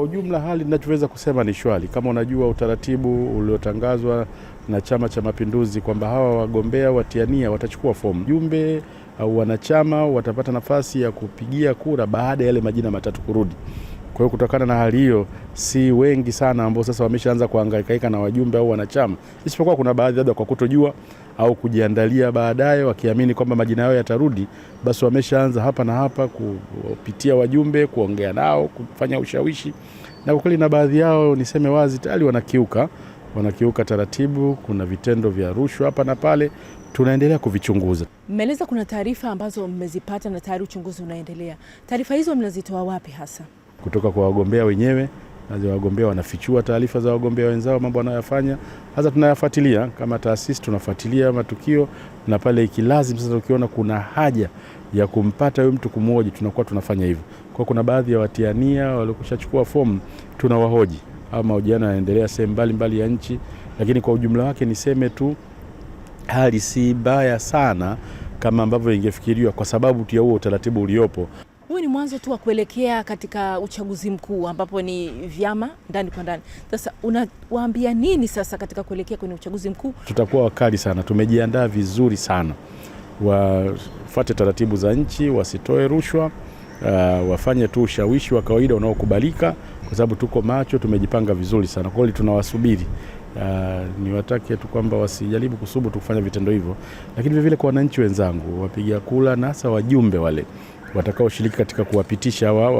Kwa ujumla hali ninachoweza kusema ni shwari. Kama unajua utaratibu uliotangazwa na Chama cha Mapinduzi kwamba hawa wagombea watiania watachukua fomu, jumbe au wanachama watapata nafasi ya kupigia kura baada ya yale majina matatu kurudi. Kwa hiyo kutokana na hali hiyo, si wengi sana ambao sasa wameshaanza kuhangaikaika na wajumbe au wanachama, isipokuwa kuna baadhi labda kwa kutojua au kujiandalia baadaye, wakiamini kwamba majina yao yatarudi, basi wameshaanza hapa na hapa kupitia wajumbe, kuongea nao, kufanya ushawishi, na kwa kweli na baadhi yao niseme wazi, tayari wanakiuka wanakiuka taratibu. Kuna vitendo vya rushwa hapa na pale, tunaendelea kuvichunguza. Mmeeleza kuna taarifa ambazo mmezipata na tayari uchunguzi unaendelea. Taarifa hizo mnazitoa wapi hasa? kutoka kwa wagombea wenyewe na wagombea wanafichua taarifa za wagombea wenzao, mambo wanayofanya. Sasa tunayafuatilia kama taasisi, tunafuatilia matukio na pale ikilazim. sasa ukiona kuna haja ya kumpata huyo mtu kumhoji, tunakuwa tunafanya hivyo. Kwa kuna baadhi ya watiania waliokushachukua fomu tunawahoji, au mahojiano yanaendelea sehemu mbalimbali ya nchi, lakini kwa ujumla wake niseme tu hali si baya sana kama ambavyo ingefikiriwa kwa sababu tu ya huo utaratibu uliopo huu ni mwanzo tu wa kuelekea katika uchaguzi mkuu ambapo ni vyama ndani kwa ndani. Sasa unawaambia nini sasa katika kuelekea kwenye uchaguzi mkuu? Tutakuwa wakali sana, tumejiandaa vizuri sana, wafuate taratibu za nchi, wasitoe rushwa. Uh, wafanye tu ushawishi wa kawaida unaokubalika, kwa sababu tuko macho, tumejipanga vizuri sana. Kwa hiyo tunawasubiri, uh, watake tu kwamba wasijaribu kusubutu kufanya vitendo hivyo, lakini vile kwa wananchi wenzangu wapiga kula na hasa wajumbe wale watakaoshiriki katika kuwapitisha hawa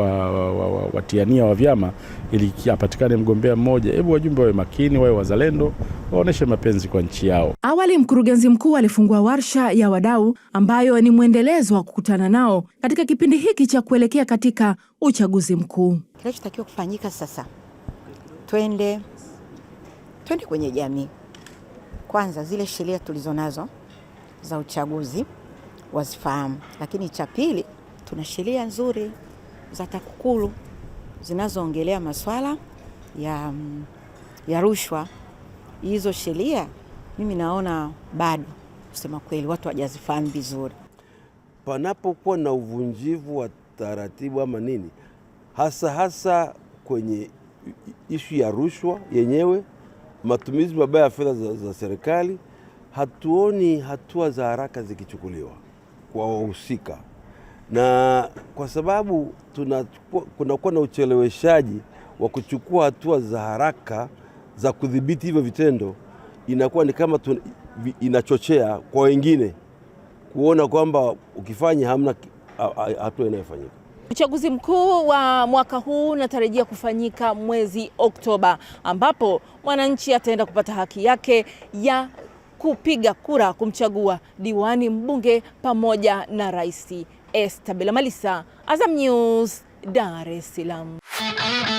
watiania wa vyama ili apatikane mgombea mmoja. Hebu wajumbe wawe makini, wawe wazalendo, waonyeshe mapenzi kwa nchi yao. Awali mkurugenzi mkuu alifungua warsha ya wadau ambayo ni mwendelezo wa kukutana nao katika kipindi hiki cha kuelekea katika uchaguzi mkuu. Kinachotakiwa kufanyika sasa, twende twende kwenye jamii kwanza, zile sheria tulizonazo za uchaguzi wazifahamu, lakini cha pili tuna sheria nzuri za TAKUKURU zinazoongelea masuala ya, ya rushwa. Hizo sheria mimi naona bado kusema kweli watu hawajazifahamu vizuri. Panapokuwa na uvunjivu wa taratibu ama nini, hasa hasa kwenye ishu ya rushwa yenyewe, matumizi mabaya ya fedha za, za serikali, hatuoni hatua za haraka zikichukuliwa kwa wahusika na kwa sababu kunakuwa na ucheleweshaji wa kuchukua hatua za haraka za kudhibiti hivyo vitendo, inakuwa ni kama tuna, inachochea kwa wengine kuona kwamba ukifanya hamna hatua inayofanyika. Uchaguzi mkuu wa mwaka huu unatarajia kufanyika mwezi Oktoba, ambapo mwananchi ataenda kupata haki yake ya kupiga kura kumchagua diwani, mbunge pamoja na raisi Esta malissa Azam News, Dar es Salaam.